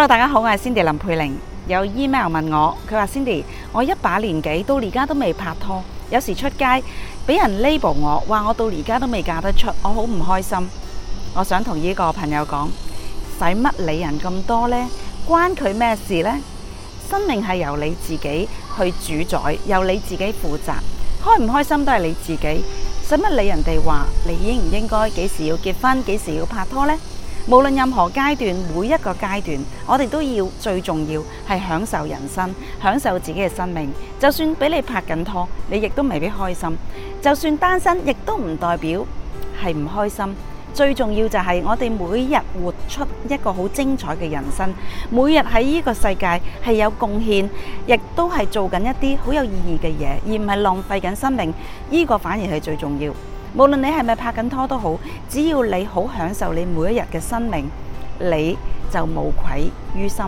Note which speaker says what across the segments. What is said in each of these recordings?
Speaker 1: Hello 大家好，我係 Cindy 林佩玲。有 email 問我，佢話 Cindy，我一把年紀到而家都未拍拖，有時出街俾人 label 我，話我到而家都未嫁得出，我好唔開心。我想同呢個朋友講，使乜理人咁多呢？關佢咩事呢？生命係由你自己去主宰，由你自己負責，開唔開心都係你自己。使乜理人哋話你應唔應該，幾時要結婚，幾時要拍拖呢？無論任何階段，每一個階段我哋都要，最重要係享受人生，享受自己嘅生命。就算畀你拍緊拖，你亦都未必開心，就算單身亦都唔代表係唔開心。最重要就係我哋每日活出一個好精彩嘅人生，每日喺呢個世界係有貢獻，亦都係做緊一啲好有意義嘅嘢，而唔係浪費緊生命，呢個反而係最重要。無論你係咪拍緊拖都好，只要你好享受你每一日嘅生命，你就無愧於心。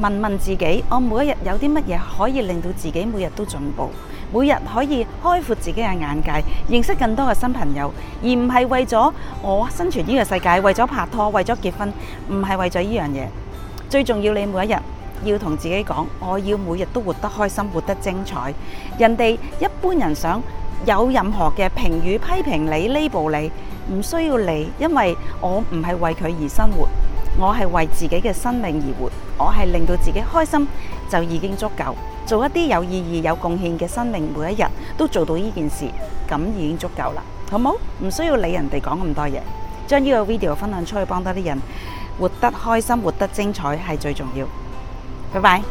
Speaker 1: 問問自己，我每一日有啲乜嘢可以令到自己每日都進步，每日可以開闊自己嘅眼界，認識更多嘅新朋友，而唔係為咗我生存呢個世界，為咗拍拖，為咗結婚，唔係為咗呢樣嘢。最重要，你每一日要同自己講，我要每日都活得開心，活得精彩。人哋一般人想。有任何嘅評語批評你、label 你，唔需要你，因為我唔係為佢而生活，我係為自己嘅生命而活，我係令到自己開心就已經足夠。做一啲有意義、有貢獻嘅生命，每一日都做到呢件事，咁已經足夠啦。好冇？唔需要理人哋講咁多嘢，將呢個 video 分享出去幫，幫多啲人活得開心、活得精彩係最重要。拜拜。